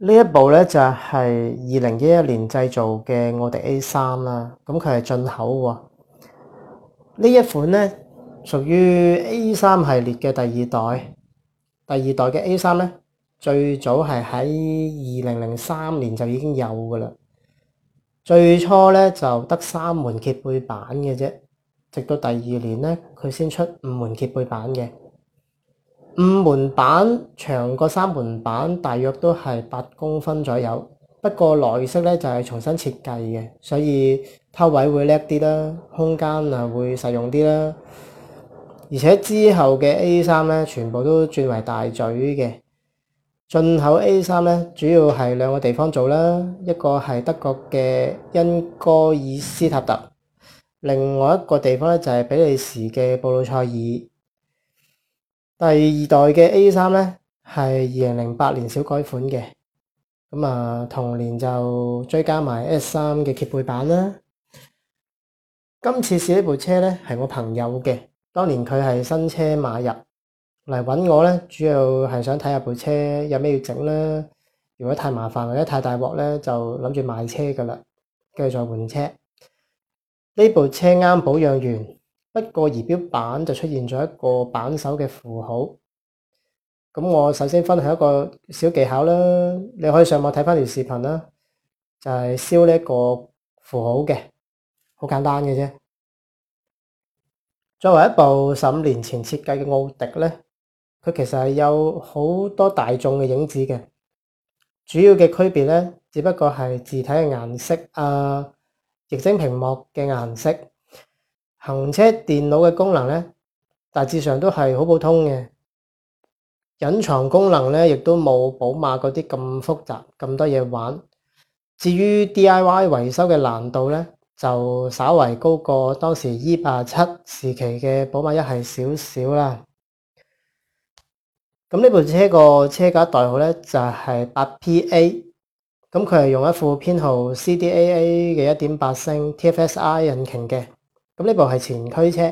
呢一部呢，就係二零一一年製造嘅奧迪 A 三啦，咁佢係進口喎。呢一款呢，屬於 A 三系列嘅第二代，第二代嘅 A 三呢，最早係喺二零零三年就已經有噶啦。最初呢，就得三門揭背版嘅啫，直到第二年呢，佢先出五門揭背版嘅。五門版長過三門版，大約都係八公分左右。不過內飾呢，就係、是、重新設計嘅，所以偷位會叻啲啦，空間啊會實用啲啦。而且之後嘅 A 三呢，全部都轉為大嘴嘅。進口 A 三呢，主要係兩個地方做啦，一個係德國嘅恩戈爾斯塔特，另外一個地方呢，就係比利時嘅布魯塞爾。第二代嘅 A3 咧，係二零零八年小改款嘅，咁啊同年就追加埋 S3 嘅揭背版啦。今次試呢部車咧，係我朋友嘅，當年佢係新車買入嚟揾我咧，主要係想睇下部車有咩要整啦。如果太麻煩或者太大鑊咧，就諗住賣車噶啦，跟住再換車。呢部車啱保養完。一個儀表板就出現咗一個扳手嘅符號，咁我首先分享一個小技巧啦，你可以上網睇翻條視頻啦，就係燒呢一個符號嘅，好簡單嘅啫。作為一部十五年前設計嘅奧迪咧，佢其實係有好多大眾嘅影子嘅，主要嘅區別咧，只不過係字體嘅顏色啊，液晶屏幕嘅顏色。行車電腦嘅功能咧，大致上都係好普通嘅。隱藏功能咧，亦都冇寶馬嗰啲咁複雜咁多嘢玩。至於 D I Y 維修嘅難度咧，就稍為高過當時 E 八七時期嘅寶馬一系少少啦。咁呢部車個車架代號咧就係八 P A，咁佢係用一副編號 C D A A 嘅一點八升 T F S I 引擎嘅。咁呢部係前驅車，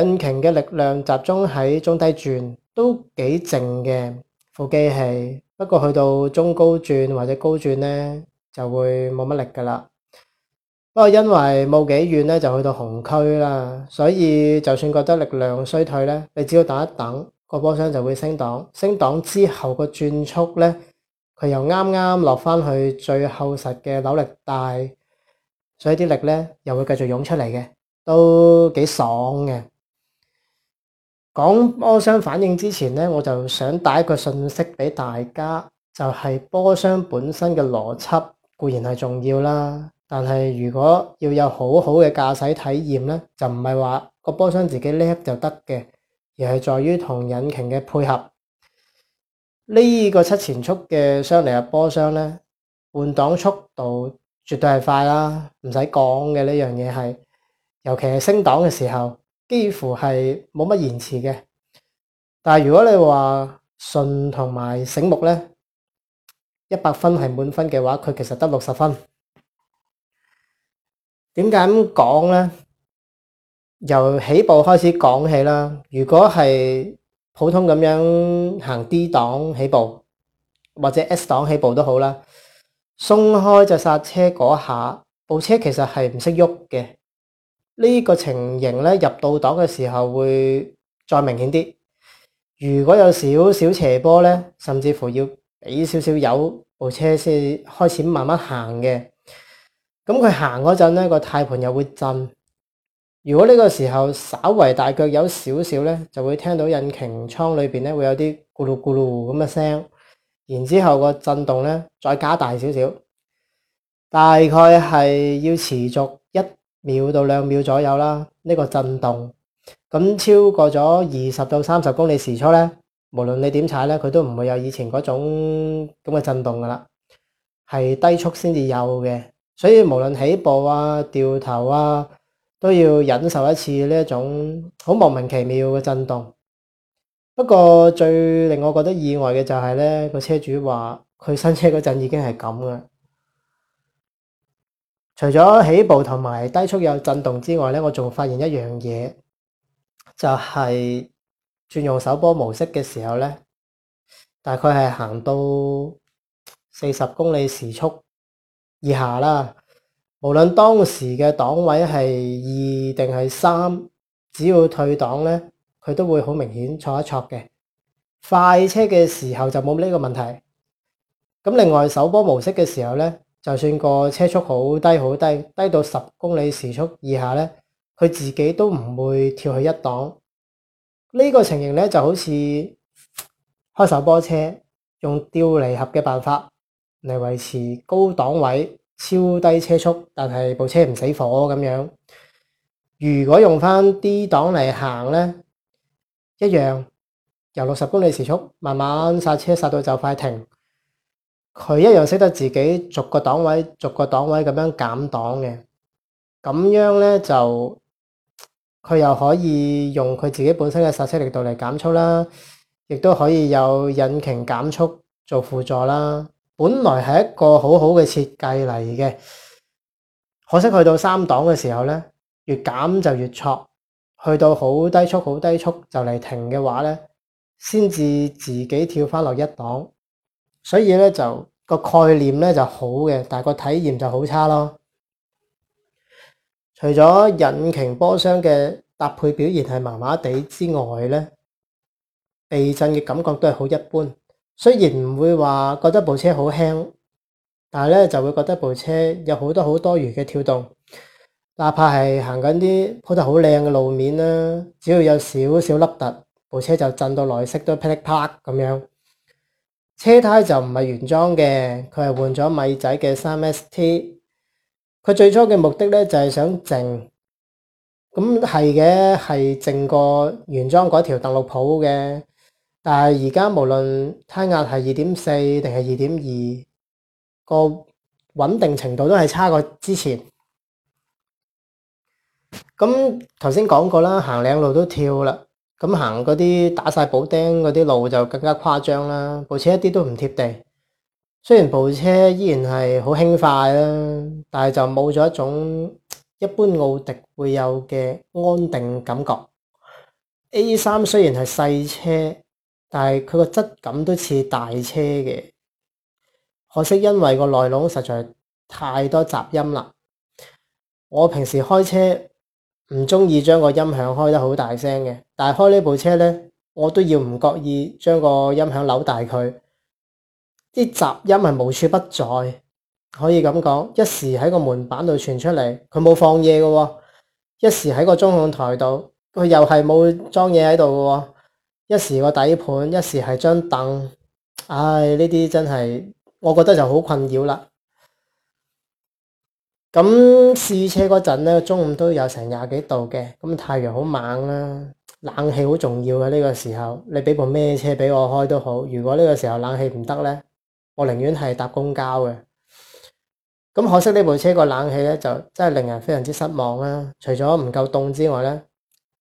引擎嘅力量集中喺中低轉，都幾靜嘅副機器。不過去到中高轉或者高轉呢，就會冇乜力㗎喇。不過因為冇幾遠呢，就去到紅區啦，所以就算覺得力量衰退呢，你只要等一等，個波箱就會升檔。升檔之後個轉速呢，佢又啱啱落返去最厚實嘅扭力帶。所以啲力咧又會繼續湧出嚟嘅，都幾爽嘅。講波箱反應之前呢，我就想帶一個訊息俾大家，就係、是、波箱本身嘅邏輯固然係重要啦，但係如果要有好好嘅駕駛體驗呢，就唔係話個波箱自己叻就得嘅，而係在於同引擎嘅配合。呢、這個七前速嘅雙離合波箱呢換擋速度。絕對係快啦，唔使講嘅，呢樣嘢係，尤其係升檔嘅時候，幾乎係冇乜延遲嘅。但係如果你話順同埋醒目咧，一百分係滿分嘅話，佢其實得六十分。點解咁講咧？由起步開始講起啦。如果係普通咁樣行 D 檔起步，或者 S 檔起步都好啦，鬆開隻剎車嗰下，部車其實係唔識喐嘅。呢個情形咧，入到檔嘅時候會再明顯啲。如果有少少斜坡咧，甚至乎要俾少少油，部車先開始慢慢行嘅。咁佢行嗰陣咧，個軚盤又會震。如果呢個時候稍為大腳有少少咧，就會聽到引擎艙裏邊咧會有啲咕嚕咕嚕咁嘅聲。然之後個震動咧，再加大少少，大概係要持續一秒到兩秒左右啦。呢個震動咁超過咗二十到三十公里時速咧，無論你點踩咧，佢都唔會有以前嗰種咁嘅震動噶啦，係低速先至有嘅。所以無論起步啊、掉頭啊，都要忍受一次呢一種好莫名其妙嘅震動。不過最令我覺得意外嘅就係咧，個車主話佢新車嗰陣已經係咁嘅。除咗起步同埋低速有震動之外咧，我仲發現一樣嘢，就係轉用手波模式嘅時候咧，大概係行到四十公里時速以下啦。無論當時嘅檔位係二定係三，只要退檔咧。佢都會好明顯挫一挫嘅，快車嘅時候就冇呢個問題。咁另外手波模式嘅時候呢，就算個車速好低好低，低到十公里時速以下呢，佢自己都唔會跳去一檔。呢個情形呢，就好似開手波車用吊離合嘅辦法嚟維持高檔位超低車速，但係部車唔死火咁樣。如果用翻 D 檔嚟行呢。一樣由六十公里時速慢慢剎車剎到就快停，佢一樣識得自己逐個檔位、逐個檔位咁樣減檔嘅。咁樣呢，就佢又可以用佢自己本身嘅剎車力度嚟減速啦，亦都可以有引擎減速做輔助啦。本來係一個好好嘅設計嚟嘅，可惜去到三檔嘅時候呢，越減就越挫。去到好低速、好低速就嚟停嘅話呢，先至自己跳翻落一檔，所以呢，就個概念呢就好嘅，但係個體驗就好差咯。除咗引擎波箱嘅搭配表現係麻麻地之外呢，避震嘅感覺都係好一般。雖然唔會話覺得部車好輕，但係呢就會覺得部車有好多好多餘嘅跳動。哪怕係行緊啲鋪得好靚嘅路面啦，啊，只要有少少凹凸，部車就震到內飾都噼里啪咁樣。車胎就唔係原裝嘅，佢係換咗米仔嘅三 ST。佢最初嘅目的咧就係，是，想靜。咁係嘅，係靜過原裝嗰條鄧祿普嘅。但係而家無論胎壓係二點四定係二點二，個穩定程度都係差過之前。咁頭先講過啦，行靚路都跳啦，咁行嗰啲打晒補釘嗰啲路就更加誇張啦，部車一啲都唔貼地。雖然部車依然係好輕快啦，但係就冇咗一種一般奧迪會有嘅安定感覺。A3 雖然係細車，但係佢個質感都似大車嘅。可惜因為個內籠實在太多雜音啦，我平時開車。唔中意將個音響開得好大聲嘅，但係開呢部車咧，我都要唔覺意將個音響扭大佢。啲雜音係無處不在，可以咁講。一時喺個門板度傳出嚟，佢冇放嘢噶；一時喺個中控台度，佢又係冇裝嘢喺度噶；一時個底盤，一時係張凳，唉，呢啲真係，我覺得就好困擾啦。咁試車嗰陣咧，中午都有成廿幾度嘅，咁太陽好猛啦、啊，冷氣好重要嘅、啊、呢、這個時候，你俾部咩車俾我開都好。如果呢個時候冷氣唔得咧，我寧願係搭公交嘅。咁可惜呢部車個冷氣咧，就真係令人非常之失望啦、啊。除咗唔夠凍之外咧，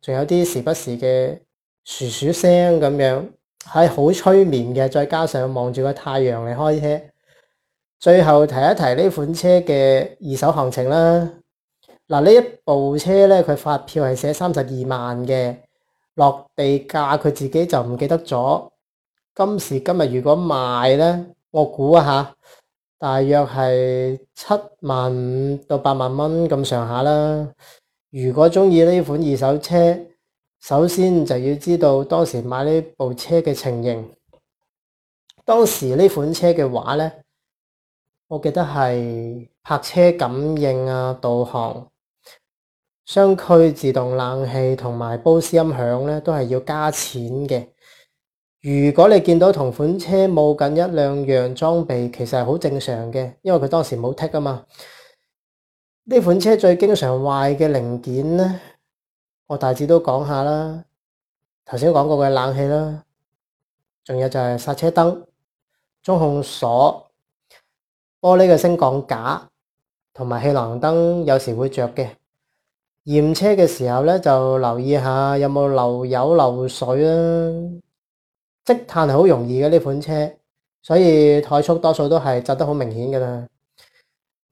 仲有啲時不時嘅鼠鼠聲咁樣，係好催眠嘅。再加上望住個太陽嚟開車。最後提一提呢款車嘅二手行情啦。嗱，呢一部車咧，佢發票係寫三十二萬嘅，落地價佢自己就唔記得咗。今時今日如果賣咧，我估下，大約係七萬五到八萬蚊咁上下啦。如果中意呢款二手車，首先就要知道當時買呢部車嘅情形，當時呢款車嘅話咧。我記得係泊車感應啊、導航、雙區自動冷氣同埋 BOSE 音響咧，都係要加錢嘅。如果你見到同款車冇緊一兩樣裝備，其實係好正常嘅，因為佢當時冇剔啊嘛。呢款車最經常壞嘅零件咧，我大致都講下啦。頭先講過嘅冷氣啦，仲有就係剎車燈、中控鎖。玻璃嘅升降架同埋氣囊燈有時會着嘅。驗車嘅時候咧，就留意下有冇漏油漏水啊！積碳係好容易嘅，呢款車，所以怠速多數都係窒得好明顯㗎啦。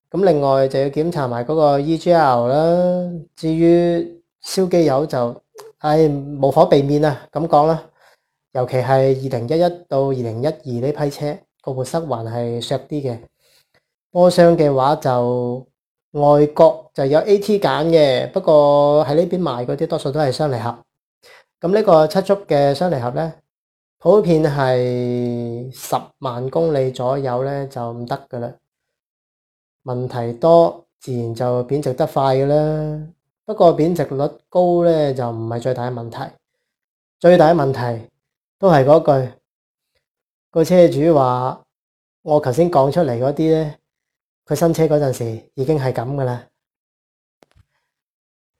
咁另外就要檢查埋嗰個 EGR 啦。至於燒機油就，唉無可避免啊，咁講啦。尤其係二零一一到二零一二呢批車，個活塞環係削啲嘅。波箱嘅話就外國就有 A.T. 揀嘅，不過喺呢邊賣嗰啲多數都係雙離合。咁呢個七速嘅雙離合咧，普遍係十萬公里左右咧就唔得噶啦。問題多，自然就貶值得快噶啦。不過貶值率高咧就唔係最大嘅問題，最大嘅問題都係嗰句個車主話：我頭先講出嚟嗰啲咧。佢新車嗰陣時已經，係咁噶啦。